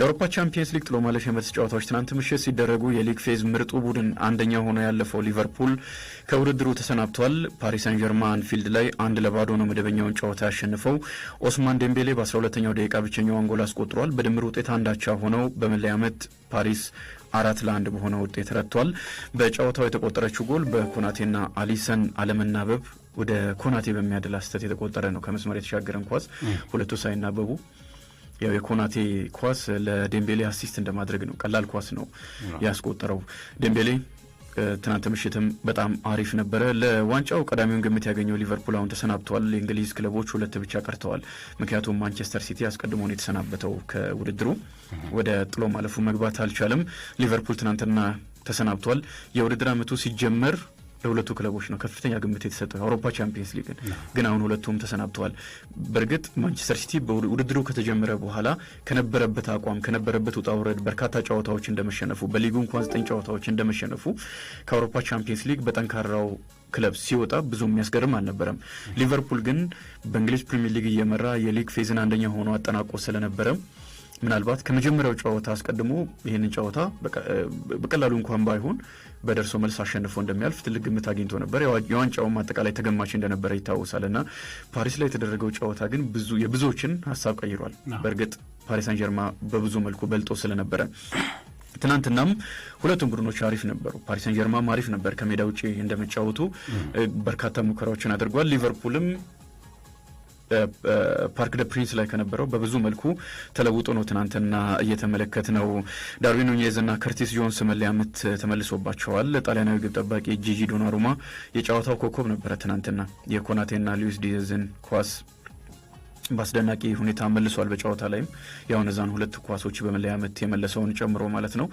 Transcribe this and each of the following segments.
የአውሮፓ ቻምፒየንስ ሊግ ጥሎ ማለፍ የመልስ ጨዋታዎች ትናንት ምሽት ሲደረጉ የሊግ ፌዝ ምርጡ ቡድን አንደኛ ሆኖ ያለፈው ሊቨርፑል ከውድድሩ ተሰናብቷል። ፓሪስ ሳን ጀርማ አንፊልድ ላይ አንድ ለባዶ ነው መደበኛውን ጨዋታ ያሸንፈው። ኦስማን ዴምቤሌ በ12ኛው ደቂቃ ብቸኛው ጎል አስቆጥሯል። በድምር ውጤት አንዳቻ ሆነው በመለያ ምት ፓሪስ አራት ለአንድ በሆነ ውጤት ረቷል። በጨዋታው የተቆጠረችው ጎል በኮናቴና አሊሰን አለመናበብ ወደ ኮናቴ በሚያደላ ስህተት የተቆጠረ ነው። ከመስመር የተሻገረን ኳስ ሁለቱ ሳይናበቡ ያው የኮናቴ ኳስ ለዴምቤሌ አሲስት እንደማድረግ ነው። ቀላል ኳስ ነው ያስቆጠረው ዴምቤሌ። ትናንት ምሽትም በጣም አሪፍ ነበረ። ለዋንጫው ቀዳሚውን ግምት ያገኘው ሊቨርፑል አሁን ተሰናብተዋል። የእንግሊዝ ክለቦች ሁለት ብቻ ቀርተዋል። ምክንያቱም ማንቸስተር ሲቲ አስቀድሞ ነው የተሰናበተው ከውድድሩ ወደ ጥሎ ማለፉ መግባት አልቻለም። ሊቨርፑል ትናንትና ተሰናብቷል። የውድድር ዓመቱ ሲጀመር ለሁለቱ ክለቦች ነው ከፍተኛ ግምት የተሰጠው የአውሮፓ ቻምፒየንስ ሊግን። ግን አሁን ሁለቱም ተሰናብተዋል። በእርግጥ ማንቸስተር ሲቲ ውድድሩ ከተጀመረ በኋላ ከነበረበት አቋም ከነበረበት ውጣ ውረድ በርካታ ጨዋታዎች እንደመሸነፉ በሊጉ እንኳን ዘጠኝ ጨዋታዎች እንደመሸነፉ ከአውሮፓ ቻምፒየንስ ሊግ በጠንካራው ክለብ ሲወጣ ብዙ የሚያስገርም አልነበረም። ሊቨርፑል ግን በእንግሊዝ ፕሪሚየር ሊግ እየመራ የሊግ ፌዝን አንደኛ ሆኖ አጠናቆ ስለነበረም ምናልባት ከመጀመሪያው ጨዋታ አስቀድሞ ይህንን ጨዋታ በቀላሉ እንኳን ባይሆን በደርሶ መልስ አሸንፎ እንደሚያልፍ ትልቅ ግምት አግኝቶ ነበር። የዋንጫውም አጠቃላይ ተገማች እንደነበረ ይታወሳል እና ፓሪስ ላይ የተደረገው ጨዋታ ግን ብዙ የብዙዎችን ሀሳብ ቀይሯል። በእርግጥ ፓሪስ አንጀርማ በብዙ መልኩ በልጦ ስለነበረ ትናንትናም ሁለቱም ቡድኖች አሪፍ ነበሩ። ፓሪስ አንጀርማም አሪፍ ነበር ከሜዳ ውጭ እንደመጫወቱ በርካታ ሙከራዎችን አድርጓል። ሊቨርፑልም ፓርክ ደ ፕሪንስ ላይ ከነበረው በብዙ መልኩ ተለውጦ ነው ትናንትና እየተመለከት ነው። ዳርዊን ኑኔዝ እና ከርቲስ ጆንስ መለያ ምት ተመልሶባቸዋል። ጣሊያናዊ ግብ ጠባቂ ጂጂ ዶናሩማ የጨዋታው ኮከብ ነበረ። ትናንትና የኮናቴና ሉዊስ ዲዝን ኳስ በአስደናቂ ሁኔታ መልሷል። በጨዋታ ላይም ያው እነዛን ሁለት ኳሶች በመለያ ምት የመለሰውን ጨምሮ ማለት ነው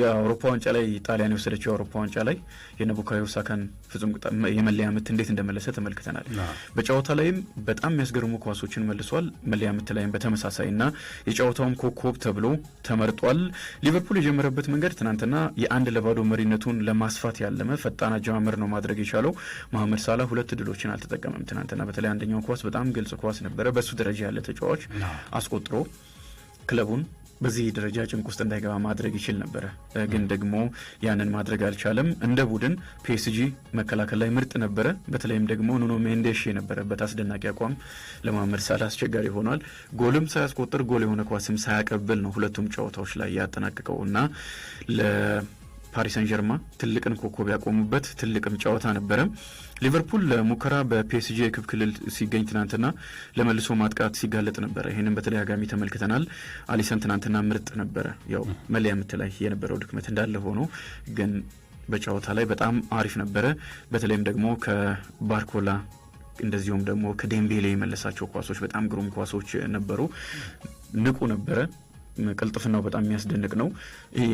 የአውሮፓ ዋንጫ ላይ ጣሊያን የወሰደችው የአውሮፓ ዋንጫ ላይ የነ ሳካን ፍጹም የመለያ ምት እንዴት እንደመለሰ ተመልክተናል። በጨዋታ ላይም በጣም የሚያስገርሙ ኳሶችን መልሷል። መለያ ምት ላይም በተመሳሳይ እና የጨዋታውም ኮከብ ተብሎ ተመርጧል። ሊቨርፑል የጀመረበት መንገድ ትናንትና የአንድ ለባዶ መሪነቱን ለማስፋት ያለመ ፈጣን አጀማመር ነው ማድረግ የቻለው። መሐመድ ሳላ ሁለት ድሎችን አልተጠቀመም ትናንትና። በተለይ አንደኛው ኳስ በጣም ግልጽ ኳስ ነበረ። በእሱ ደረጃ ያለ ተጫዋች አስቆጥሮ ክለቡን በዚህ ደረጃ ጭንቅ ውስጥ እንዳይገባ ማድረግ ይችል ነበረ፣ ግን ደግሞ ያንን ማድረግ አልቻለም። እንደ ቡድን ፒኤስጂ መከላከል ላይ ምርጥ ነበረ። በተለይም ደግሞ ኑኖ ሜንዴሽ የነበረበት አስደናቂ አቋም ለማመድ ሳላ አስቸጋሪ ሆኗል። ጎልም ሳያስቆጥር ጎል የሆነ ኳስም ሳያቀብል ነው ሁለቱም ጨዋታዎች ላይ ያጠናቅቀው እና ፓሪስ ሰን ጀርማ ትልቅን ኮከብ ያቆሙበት ትልቅም ጨዋታ ነበረ። ሊቨርፑል ለሙከራ በፒኤስጂ የክብ ክልል ሲገኝ ትናንትና ለመልሶ ማጥቃት ሲጋለጥ ነበረ። ይህንም በተደጋጋሚ ተመልክተናል። አሊሰን ትናንትና ምርጥ ነበረ። ያው መለያ ምት ላይ የነበረው ድክመት እንዳለ ሆኖ ግን በጨዋታ ላይ በጣም አሪፍ ነበረ። በተለይም ደግሞ ከባርኮላ እንደዚሁም ደግሞ ከዴምቤሌ የመለሳቸው ኳሶች በጣም ግሩም ኳሶች ነበሩ። ንቁ ነበረ። ቅልጥፍናው በጣም የሚያስደንቅ ነው።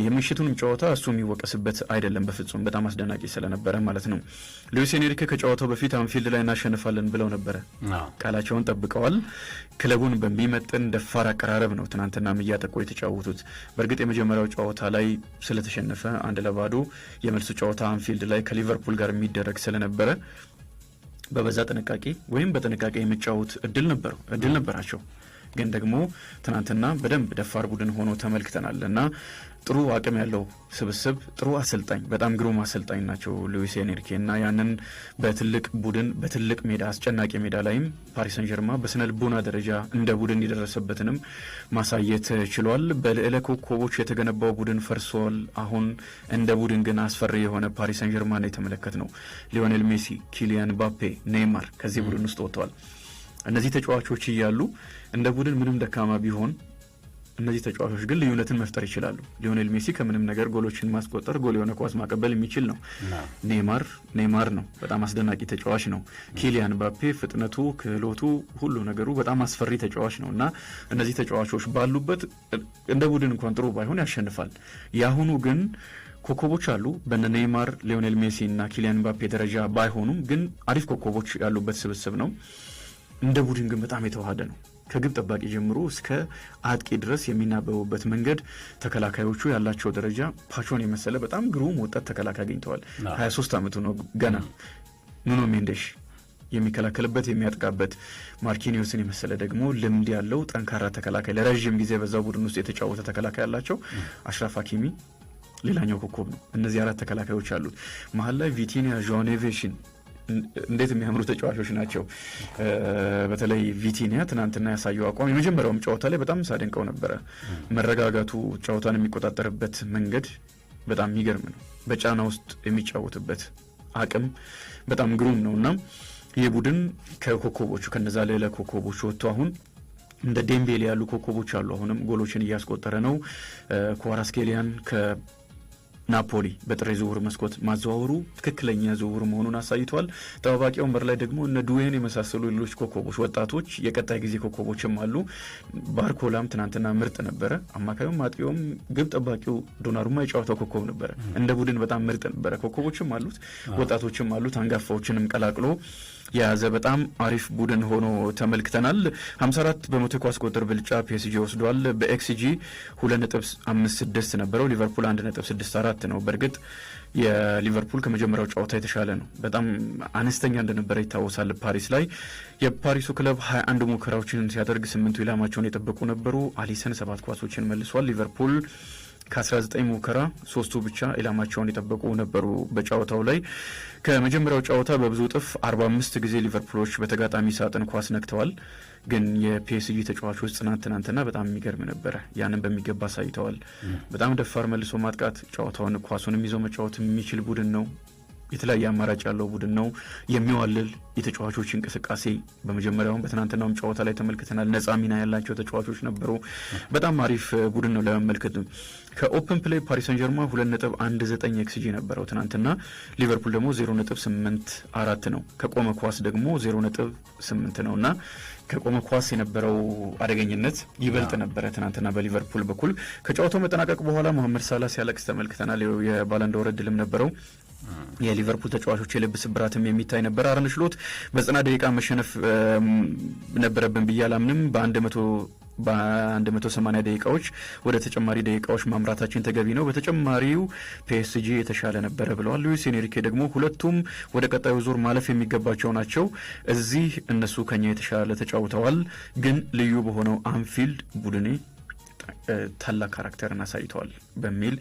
የምሽቱንም ጨዋታ እሱ የሚወቀስበት አይደለም በፍጹም በጣም አስደናቂ ስለነበረ ማለት ነው። ሉዊስ ኤንሪኬ ከጨዋታው በፊት አንፊልድ ላይ እናሸንፋለን ብለው ነበረ። ቃላቸውን ጠብቀዋል። ክለቡን በሚመጥን ደፋር አቀራረብ ነው ትናንትና እያጠቁ የተጫወቱት። በእርግጥ የመጀመሪያው ጨዋታ ላይ ስለተሸነፈ አንድ ለባዶ የመልሱ ጨዋታ አንፊልድ ላይ ከሊቨርፑል ጋር የሚደረግ ስለነበረ በበዛ ጥንቃቄ ወይም በጥንቃቄ የመጫወት እድል ነበረው እድል ነበራቸው ግን ደግሞ ትናንትና በደንብ ደፋር ቡድን ሆኖ ተመልክተናል እና ጥሩ አቅም ያለው ስብስብ ጥሩ አሰልጣኝ በጣም ግሩም አሰልጣኝ ናቸው ሉዊስ ኤንሪኬ እና ያንን በትልቅ ቡድን በትልቅ ሜዳ አስጨናቂ ሜዳ ላይም ፓሪስ ጀርማ በስነ ልቦና ደረጃ እንደ ቡድን የደረሰበትንም ማሳየት ችሏል። በልዕለ ኮከቦች የተገነባው ቡድን ፈርሷል። አሁን እንደ ቡድን ግን አስፈሪ የሆነ ፓሪሰን ጀርማ ነው የተመለከት ነው። ሊዮኔል ሜሲ፣ ኪሊያን ባፔ፣ ኔይማር ከዚህ ቡድን ውስጥ ወጥተዋል። እነዚህ ተጫዋቾች እያሉ እንደ ቡድን ምንም ደካማ ቢሆን እነዚህ ተጫዋቾች ግን ልዩነትን መፍጠር ይችላሉ። ሊዮኔል ሜሲ ከምንም ነገር ጎሎችን ማስቆጠር፣ ጎል የሆነ ኳስ ማቀበል የሚችል ነው። ኔማር ኔማር ነው፣ በጣም አስደናቂ ተጫዋች ነው። ኪሊያን ባፔ ፍጥነቱ፣ ክህሎቱ፣ ሁሉ ነገሩ በጣም አስፈሪ ተጫዋች ነው እና እነዚህ ተጫዋቾች ባሉበት እንደ ቡድን እንኳን ጥሩ ባይሆን ያሸንፋል። የአሁኑ ግን ኮከቦች አሉ። በነ ኔማር ሊዮኔል ሜሲ እና ኪሊያን ባፔ ደረጃ ባይሆኑም ግን አሪፍ ኮከቦች ያሉበት ስብስብ ነው። እንደ ቡድን ግን በጣም የተዋሃደ ነው። ከግብ ጠባቂ ጀምሮ እስከ አጥቂ ድረስ የሚናበቡበት መንገድ፣ ተከላካዮቹ ያላቸው ደረጃ ፓቾን የመሰለ በጣም ግሩም ወጣት ተከላካይ አግኝተዋል። 23 ዓመቱ ነው ገና። ኑኖ ሜንደሽ የሚከላከልበት የሚያጥቃበት፣ ማርኪኒዮስን የመሰለ ደግሞ ልምድ ያለው ጠንካራ ተከላካይ ለረዥም ጊዜ በዛው ቡድን ውስጥ የተጫወተ ተከላካይ ያላቸው፣ አሽራፍ ሀኪሚ ሌላኛው ኮከብ ነው። እነዚህ አራት ተከላካዮች አሉት። መሀል ላይ ቪቲኒያ ዣኔቬሽን እንዴት የሚያምሩ ተጫዋቾች ናቸው። በተለይ ቪቲኒያ ትናንትና ያሳየው አቋም የመጀመሪያውም ጨዋታ ላይ በጣም ሳደንቀው ነበረ። መረጋጋቱ፣ ጨዋታን የሚቆጣጠርበት መንገድ በጣም የሚገርም ነው። በጫና ውስጥ የሚጫወትበት አቅም በጣም ግሩም ነው እና ይህ ቡድን ከኮከቦቹ ከነዛ ሌለ ኮከቦቹ ወጥቶ አሁን እንደ ዴምቤሌ ያሉ ኮከቦች አሉ። አሁንም ጎሎችን እያስቆጠረ ነው። ክቫራትስኬሊያን ናፖሊ በጥሬ ዝውውር መስኮት ማዘዋወሩ ትክክለኛ ዝውውር መሆኑን አሳይቷል። ጠባቂ ወንበር ላይ ደግሞ እነ ዱዌን የመሳሰሉ ሌሎች ኮከቦች፣ ወጣቶች የቀጣይ ጊዜ ኮከቦችም አሉ። ባርኮላም ትናንትና ምርጥ ነበረ። አማካዩም፣ አጥቂውም፣ ግብ ጠባቂው ዶናሩማ የጨዋታው ኮከብ ነበረ። እንደ ቡድን በጣም ምርጥ ነበረ። ኮከቦችም አሉት፣ ወጣቶችም አሉት፣ አንጋፋዎችንም ቀላቅሎ የያዘ በጣም አሪፍ ቡድን ሆኖ ተመልክተናል። 54 በመቶ ኳስ ቁጥር ብልጫ ፒኤስጂ ወስዷል። በኤክስጂ 2.56 ነበረው፣ ሊቨርፑል 1.64 ነው። በእርግጥ የሊቨርፑል ከመጀመሪያው ጨዋታ የተሻለ ነው። በጣም አነስተኛ እንደነበረ ይታወሳል። ፓሪስ ላይ የፓሪሱ ክለብ 21 ሙከራዎችን ሲያደርግ ስምንቱ ኢላማቸውን የጠበቁ ነበሩ። አሊሰን ሰባት ኳሶችን መልሷል። ሊቨርፑል ከ19 ሙከራ ሶስቱ ብቻ ኢላማቸውን የጠበቁ ነበሩ። በጨዋታው ላይ ከመጀመሪያው ጨዋታ በብዙ እጥፍ 45 ጊዜ ሊቨርፑሎች በተጋጣሚ ሳጥን ኳስ ነክተዋል። ግን የፒኤስጂ ተጫዋቾች ጽናት ትናንትና በጣም የሚገርም ነበረ። ያንን በሚገባ አሳይተዋል። በጣም ደፋር መልሶ ማጥቃት ጨዋታውን ኳሱንም ይዞ መጫወት የሚችል ቡድን ነው። የተለያየ አማራጭ ያለው ቡድን ነው የሚዋልል የተጫዋቾች እንቅስቃሴ በመጀመሪያውም በትናንትናውም ጨዋታ ላይ ተመልክተናል። ነጻ ሚና ያላቸው ተጫዋቾች ነበሩ። በጣም አሪፍ ቡድን ነው ለመመልከት። ከኦፕን ፕሌይ ፓሪስ ሰን ጀርማ ሁለት ነጥብ አንድ ዘጠኝ ኤክስጂ ነበረው ትናንትና። ሊቨርፑል ደግሞ ዜሮ ነጥብ ስምንት አራት ነው። ከቆመ ኳስ ደግሞ ዜሮ ነጥብ ስምንት ነው እና ከቆመ ኳስ የነበረው አደገኝነት ይበልጥ ነበረ ትናንትና በሊቨርፑል በኩል። ከጨዋታው መጠናቀቅ በኋላ መሐመድ ሳላ ሲያለቅስ ተመልክተናል። የባለንዶር እድልም ነበረው የሊቨርፑል ተጫዋቾች የልብ ስብራትም የሚታይ ነበር። አርነ ስሎት በዘጠና ደቂቃ መሸነፍ ነበረብን ብዬ አላምንም። በአንድ መቶ በአንድ መቶ ሰማኒያ ደቂቃዎች ወደ ተጨማሪ ደቂቃዎች ማምራታችን ተገቢ ነው። በተጨማሪው ፒኤስጂ የተሻለ ነበረ ብለዋል። ሉዊስ ኤንሪኬ ደግሞ ሁለቱም ወደ ቀጣዩ ዙር ማለፍ የሚገባቸው ናቸው። እዚህ እነሱ ከኛ የተሻለ ተጫውተዋል። ግን ልዩ በሆነው አንፊልድ ቡድኔ ታላቅ ካራክተርን አሳይተዋል በሚል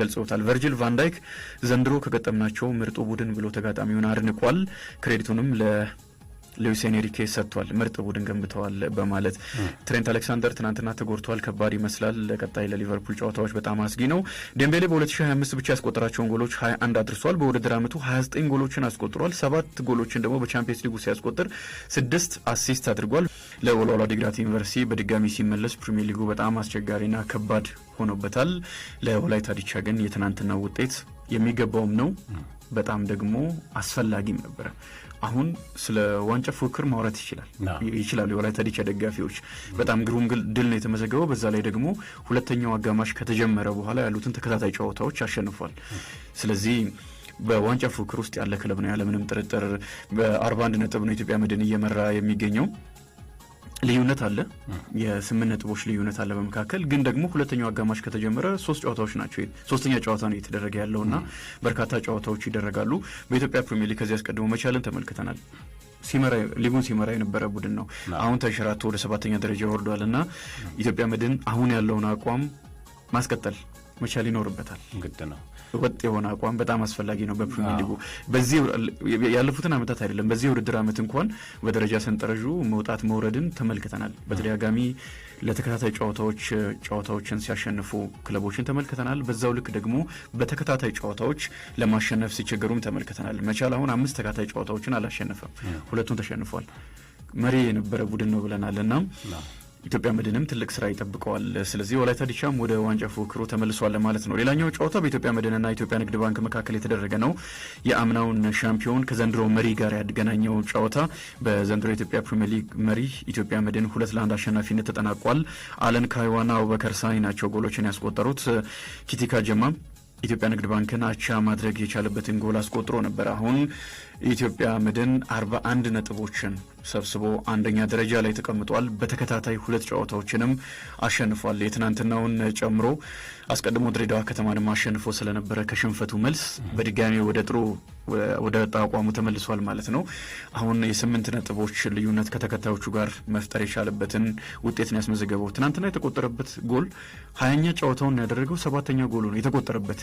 ገልጸውታል። ቨርጅል ቫንዳይክ ዘንድሮ ከገጠምናቸው ምርጡ ቡድን ብሎ ተጋጣሚውን አድንቋል። ክሬዲቱንም ለ ሉዊስ ኤንሪኬ ሰጥቷል፣ ምርጥ ቡድን ገንብተዋል በማለት ትሬንት አሌክሳንደር ትናንትና ተጎድቷል፣ ከባድ ይመስላል። ለቀጣይ ለሊቨርፑል ጨዋታዎች በጣም አስጊ ነው። ዴምቤሌ በ2025 ብቻ ያስቆጠራቸውን ጎሎች 21 አድርሷል። በውድድር ዓመቱ 29 ጎሎችን አስቆጥሯል። ሰባት ጎሎችን ደግሞ በቻምፒየንስ ሊጉ ሲያስቆጥር ስድስት አሲስት አድርጓል። ለወልዋሏ ዲግራት ዩኒቨርሲቲ በድጋሚ ሲመለስ ፕሪሚየር ሊጉ በጣም አስቸጋሪና ከባድ ሆኖበታል። ለወላይታ ዲቻ ግን የትናንትናው ውጤት የሚገባውም ነው፣ በጣም ደግሞ አስፈላጊም ነበረ። አሁን ስለ ዋንጫ ፉክክር ማውራት ይችላል ይችላሉ የወላይታ ዲቻ ደጋፊዎች። በጣም ግሩም ድል ነው የተመዘገበው። በዛ ላይ ደግሞ ሁለተኛው አጋማሽ ከተጀመረ በኋላ ያሉትን ተከታታይ ጨዋታዎች አሸንፏል። ስለዚህ በዋንጫ ፉክክር ውስጥ ያለ ክለብ ነው ያለምንም ጥርጥር። በአርባ 1 ነጥብ ነው ኢትዮጵያ መድን እየመራ የሚገኘው። ልዩነት አለ። የስምንት ነጥቦች ልዩነት አለ በመካከል ግን ደግሞ ሁለተኛው አጋማሽ ከተጀመረ ሶስት ጨዋታዎች ናቸው። ሶስተኛ ጨዋታ ነው እየተደረገ ያለው እና በርካታ ጨዋታዎች ይደረጋሉ። በኢትዮጵያ ፕሪሚየር ሊግ ከዚህ አስቀድሞ መቻልን ተመልክተናል። ሲመራ ሊጉን ሲመራ የነበረ ቡድን ነው። አሁን ተሸራቶ ወደ ሰባተኛ ደረጃ ይወርዷል እና ኢትዮጵያ መድን አሁን ያለውን አቋም ማስቀጠል መቻል ይኖርበታል። ግድ ነው። ወጥ የሆነ አቋም በጣም አስፈላጊ ነው። በፕሪሚየር ሊጉ በዚህ ያለፉትን ዓመታት አይደለም በዚህ ውድድር ዓመት እንኳን በደረጃ ሰንጠረዡ መውጣት መውረድን ተመልክተናል። በተደጋጋሚ ለተከታታይ ጨዋታዎች ጨዋታዎችን ሲያሸንፉ ክለቦችን ተመልክተናል። በዛው ልክ ደግሞ በተከታታይ ጨዋታዎች ለማሸነፍ ሲቸገሩም ተመልክተናል። መቻል አሁን አምስት ተከታታይ ጨዋታዎችን አላሸነፈም፣ ሁለቱን ተሸንፏል። መሪ የነበረ ቡድን ነው ብለናል እናም ኢትዮጵያ መድንም ትልቅ ስራ ይጠብቀዋል። ስለዚህ ወላይታ ዲቻም ወደ ዋንጫ ፉክክሩ ተመልሷል ማለት ነው። ሌላኛው ጨዋታ በኢትዮጵያ መድንና ኢትዮጵያ ንግድ ባንክ መካከል የተደረገ ነው። የአምናውን ሻምፒዮን ከዘንድሮ መሪ ጋር ያገናኘው ጨዋታ በዘንድሮ የኢትዮጵያ ፕሪሚየር ሊግ መሪ ኢትዮጵያ መድን ሁለት ለአንድ አሸናፊነት ተጠናቋል። አለን ካይዋና አቡበከር ሳኒ ናቸው ጎሎችን ያስቆጠሩት። ኪቲካ ጀማ ኢትዮጵያ ንግድ ባንክን አቻ ማድረግ የቻለበትን ጎል አስቆጥሮ ነበር። አሁን የኢትዮጵያ መድን 41 ነጥቦችን ሰብስቦ አንደኛ ደረጃ ላይ ተቀምጧል። በተከታታይ ሁለት ጨዋታዎችንም አሸንፏል። የትናንትናውን ጨምሮ አስቀድሞ ድሬዳዋ ከተማንም አሸንፎ ስለነበረ ከሽንፈቱ መልስ በድጋሚ ወደ ጥሩ ወደ ጣቋሙ ተመልሷል ማለት ነው። አሁን የስምንት ነጥቦች ልዩነት ከተከታዮቹ ጋር መፍጠር የቻለበትን ውጤት ነው ያስመዘገበው። ትናንትና የተቆጠረበት ጎል ሀያኛ ጨዋታውን ያደረገው ሰባተኛ ጎሉ ነው የተቆጠረበት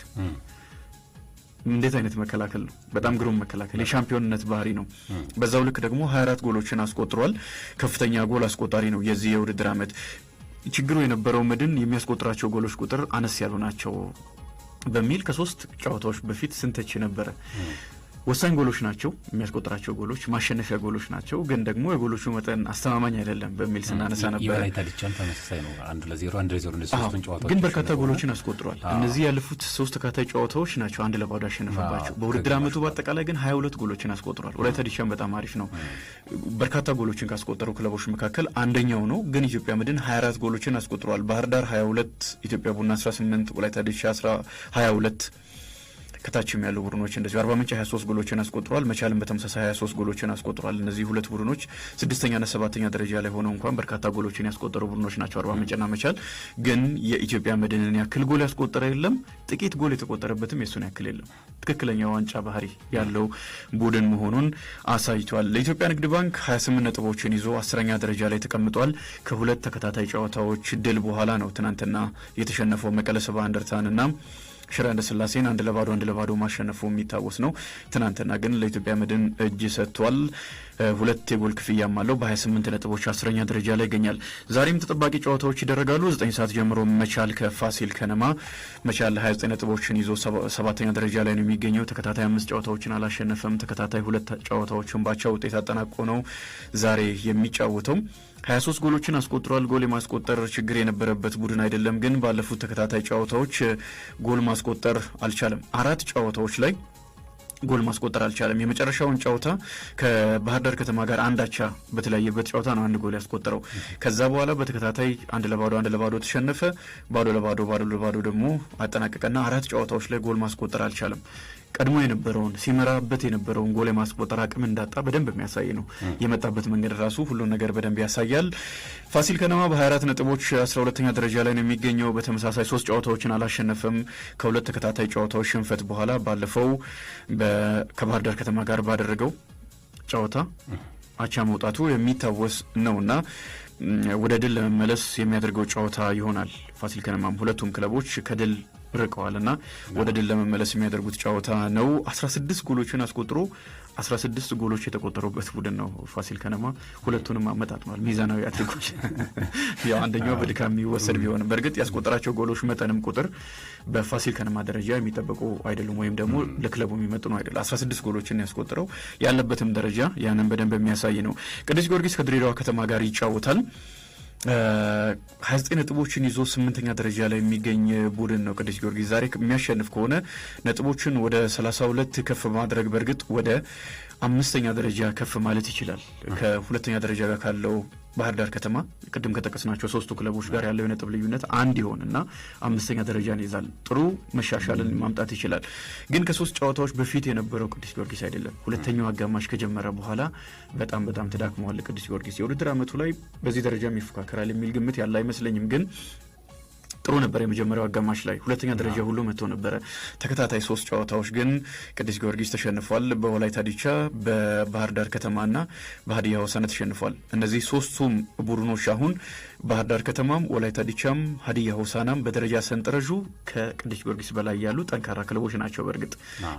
እንዴት አይነት መከላከል ነው። በጣም ግሩም መከላከል የሻምፒዮንነት ባህሪ ነው። በዛው ልክ ደግሞ 24 ጎሎችን አስቆጥሯል። ከፍተኛ ጎል አስቆጣሪ ነው የዚህ የውድድር ዓመት። ችግሩ የነበረው መድን የሚያስቆጥራቸው ጎሎች ቁጥር አነስ ያሉ ናቸው በሚል ከሶስት ጨዋታዎች በፊት ስንተች ነበረ። ወሳኝ ጎሎች ናቸው የሚያስቆጥራቸው ጎሎች ማሸነፊያ ጎሎች ናቸው። ግን ደግሞ የጎሎቹ መጠን አስተማማኝ አይደለም በሚል ስናነሳ ነበር። ግን በርካታ ጎሎችን አስቆጥሯል። እነዚህ ያለፉት ሶስት ተካታይ ጨዋታዎች ናቸው አንድ ለባዶ ያሸነፈባቸው። በውድድር አመቱ በአጠቃላይ ግን ሀያ ሁለት ጎሎችን አስቆጥሯል። ወላይታ በጣም አሪፍ ነው። በርካታ ጎሎችን ካስቆጠሩ ክለቦች መካከል አንደኛው ነው። ግን ኢትዮጵያ ሀያ 24 ጎሎችን አስቆጥሯል። ባህር ዳር ሁለት ኢትዮጵያ ቡና 18፣ ወላይታ ሀያ ሁለት ከታችም ያሉ ቡድኖች እንደዚሁ አርባ ምንጭ 23 ጎሎችን አስቆጥሯል። መቻልም በተመሳሳይ 23 ጎሎችን አስቆጥሯል። እነዚህ ሁለት ቡድኖች ስድስተኛና ሰባተኛ ደረጃ ላይ ሆነው እንኳን በርካታ ጎሎችን ያስቆጠሩ ቡድኖች ናቸው። አርባ ምንጭና መቻል ግን የኢትዮጵያ መድንን ያክል ጎል ያስቆጠረ የለም። ጥቂት ጎል የተቆጠረበትም የሱን ያክል የለም። ትክክለኛ ዋንጫ ባህሪ ያለው ቡድን መሆኑን አሳይቷል። ለኢትዮጵያ ንግድ ባንክ 28 ነጥቦችን ይዞ አስረኛ ደረጃ ላይ ተቀምጧል። ከሁለት ተከታታይ ጨዋታዎች ድል በኋላ ነው ትናንትና የተሸነፈው መቀለ ሰባ እንደርታንና ሽረ ስላሴን አንድ ለባዶ አንድ ለባዶ ማሸነፉ የሚታወስ ነው። ትናንትና ግን ለኢትዮጵያ መድን እጅ ሰጥቷል። ሁለት የጎል ክፍያም አለው። በ28 ነጥቦች አስረኛ ደረጃ ላይ ይገኛል። ዛሬም ተጠባቂ ጨዋታዎች ይደረጋሉ። 9 ሰዓት ጀምሮ መቻል ከፋሲል ከነማ መቻል 29 ነጥቦችን ይዞ ሰባተኛ ደረጃ ላይ ነው የሚገኘው። ተከታታይ አምስት ጨዋታዎችን አላሸነፈም። ተከታታይ ሁለት ጨዋታዎችን ባቻ ውጤት አጠናቆ ነው ዛሬ የሚጫወተው። ሶስት ጎሎችን አስቆጥሯል። ጎል የማስቆጠር ችግር የነበረበት ቡድን አይደለም፣ ግን ባለፉት ተከታታይ ጨዋታዎች ጎል ማስቆጠር አልቻለም። አራት ጨዋታዎች ላይ ጎል ማስቆጠር አልቻለም። የመጨረሻውን ጨዋታ ከባህር ዳር ከተማ ጋር አንዳቻ በተለያየበት ጨዋታ ነው አንድ ጎል ያስቆጠረው። ከዛ በኋላ በተከታታይ አንድ ለባዶ አንድ ለባዶ ተሸነፈ። ባዶ ለባዶ ባዶ ለባዶ ደግሞ አጠናቀቀና አራት ጨዋታዎች ላይ ጎል ማስቆጠር አልቻለም። ቀድሞ የነበረውን ሲመራበት የነበረውን ጎል የማስቆጠር አቅም እንዳጣ በደንብ የሚያሳይ ነው። የመጣበት መንገድ ራሱ ሁሉን ነገር በደንብ ያሳያል። ፋሲል ከነማ በ24 ነጥቦች 12ኛ ደረጃ ላይ ነው የሚገኘው። በተመሳሳይ ሶስት ጨዋታዎችን አላሸነፈም። ከሁለት ተከታታይ ጨዋታዎች ሽንፈት በኋላ ባለፈው ከባህር ዳር ከተማ ጋር ባደረገው ጨዋታ አቻ መውጣቱ የሚታወስ እና ወደ ድል ለመመለስ የሚያደርገው ጨዋታ ይሆናል። ፋሲል ከነማም ሁለቱም ክለቦች ከድል ርቀዋል እና ወደ ድል ለመመለስ የሚያደርጉት ጨዋታ ነው። 16 ጎሎችን አስቆጥሮ 16 ጎሎች የተቆጠሩበት ቡድን ነው ፋሲል ከነማ። ሁለቱንም አመጣጥኗል፣ ሚዛናዊ አድርጎች። ያው አንደኛው በድካ የሚወሰድ ቢሆንም በእርግጥ ያስቆጠራቸው ጎሎች መጠንም ቁጥር በፋሲል ከነማ ደረጃ የሚጠበቁ አይደሉም፣ ወይም ደግሞ ለክለቡ የሚመጥኑ አይደሉም። 16 ጎሎችን ያስቆጥረው ያለበትም ደረጃ ያንን በደንብ የሚያሳይ ነው። ቅዱስ ጊዮርጊስ ከድሬዳዋ ከተማ ጋር ይጫወታል። 29 ነጥቦችን ይዞ ስምንተኛ ደረጃ ላይ የሚገኝ ቡድን ነው ቅዱስ ጊዮርጊስ። ዛሬ የሚያሸንፍ ከሆነ ነጥቦችን ወደ ሁለት ከፍ በማድረግ በእርግጥ ወደ አምስተኛ ደረጃ ከፍ ማለት ይችላል። ከሁለተኛ ደረጃ ጋር ካለው ባህር ዳር ከተማ ቅድም ከጠቀስናቸው ሶስቱ ክለቦች ጋር ያለው የነጥብ ልዩነት አንድ ይሆን እና አምስተኛ ደረጃን ይዛል። ጥሩ መሻሻልን ማምጣት ይችላል። ግን ከሶስት ጨዋታዎች በፊት የነበረው ቅዱስ ጊዮርጊስ አይደለም። ሁለተኛው አጋማሽ ከጀመረ በኋላ በጣም በጣም ተዳክመዋል ቅዱስ ጊዮርጊስ። የውድድር አመቱ ላይ በዚህ ደረጃ ይፎካከራል የሚል ግምት ያለ አይመስለኝም። ግን ጥሩ ነበር የመጀመሪያው አጋማሽ ላይ። ሁለተኛ ደረጃ ሁሉ መቶ ነበረ። ተከታታይ ሶስት ጨዋታዎች ግን ቅዱስ ጊዮርጊስ ተሸንፏል፣ በወላይታ ዲቻ፣ በባህር ዳር ከተማና በሀዲያ ሆሳዕና ተሸንፏል። እነዚህ ሶስቱም ቡድኖች አሁን ባህር ዳር ከተማም ወላይታ ዲቻም ሀዲያ ሆሳናም በደረጃ ሰንጠረዡ ከቅዱስ ጊዮርጊስ በላይ ያሉ ጠንካራ ክለቦች ናቸው። በእርግጥ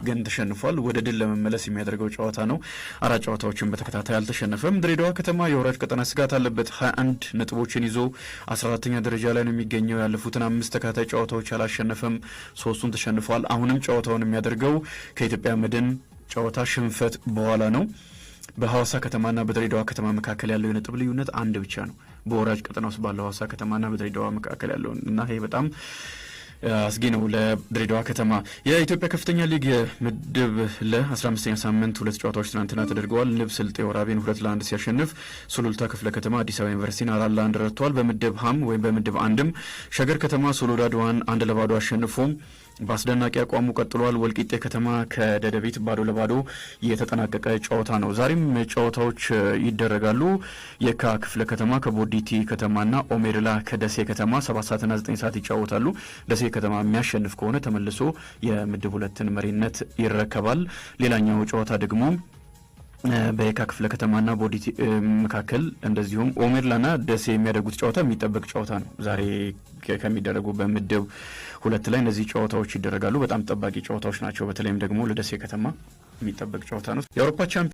ግን ተሸንፏል። ወደ ድል ለመመለስ የሚያደርገው ጨዋታ ነው። አራት ጨዋታዎችን በተከታታይ አልተሸነፈም። ድሬዳዋ ከተማ የወራጅ ቀጠና ስጋት አለበት። 21 ነጥቦችን ይዞ 14ተኛ ደረጃ ላይ ነው የሚገኘው። ያለፉትን አምስት ተከታታይ ጨዋታዎች አላሸነፈም፣ ሶስቱን ተሸንፏል። አሁንም ጨዋታውን የሚያደርገው ከኢትዮጵያ መድን ጨዋታ ሽንፈት በኋላ ነው። በሐዋሳ ከተማና በድሬዳዋ ከተማ መካከል ያለው የነጥብ ልዩነት አንድ ብቻ ነው። በወራጅ ቀጠና ውስጥ ባለው ሀዋሳ ከተማና በድሬዳዋ መካከል ያለውን እና ይሄ በጣም አስጊ ነው ለድሬዳዋ ከተማ። የኢትዮጵያ ከፍተኛ ሊግ ምድብ ለ15ኛ ሳምንት ሁለት ጨዋታዎች ትናንትና ተደርገዋል። ንብ ስልጤ ወራቤን ሁለት ለአንድ ሲያሸንፍ፣ ሱሉልታ ክፍለ ከተማ አዲስ አበባ ዩኒቨርሲቲን አራት ለአንድ ረትቷል። በምድብ ሀም ወይም በምድብ አንድም ሸገር ከተማ ሶሎዳድዋን አንድ ለባዶ አሸንፎም በአስደናቂ አቋሙ ቀጥሏል። ወልቂጤ ከተማ ከደደቢት ባዶ ለባዶ የተጠናቀቀ ጨዋታ ነው። ዛሬም ጨዋታዎች ይደረጋሉ። የካ ክፍለ ከተማ ከቦዲቲ ከተማና ኦሜርላ ከደሴ ከተማ 7 ሰዓትና ዘጠኝ ሰዓት ይጫወታሉ። ደሴ ከተማ የሚያሸንፍ ከሆነ ተመልሶ የምድብ ሁለትን መሪነት ይረከባል። ሌላኛው ጨዋታ ደግሞ በየካ ክፍለ ከተማና ቦዲቲ መካከል እንደዚሁም ኦሜድላና ደሴ የሚያደርጉት ጨዋታ የሚጠበቅ ጨዋታ ነው። ዛሬ ከሚደረጉ በምድብ ሁለት ላይ እነዚህ ጨዋታዎች ይደረጋሉ። በጣም ጠባቂ ጨዋታዎች ናቸው። በተለይም ደግሞ ለደሴ ከተማ የሚጠበቅ ጨዋታ ነው። የአውሮፓ ቻምፒ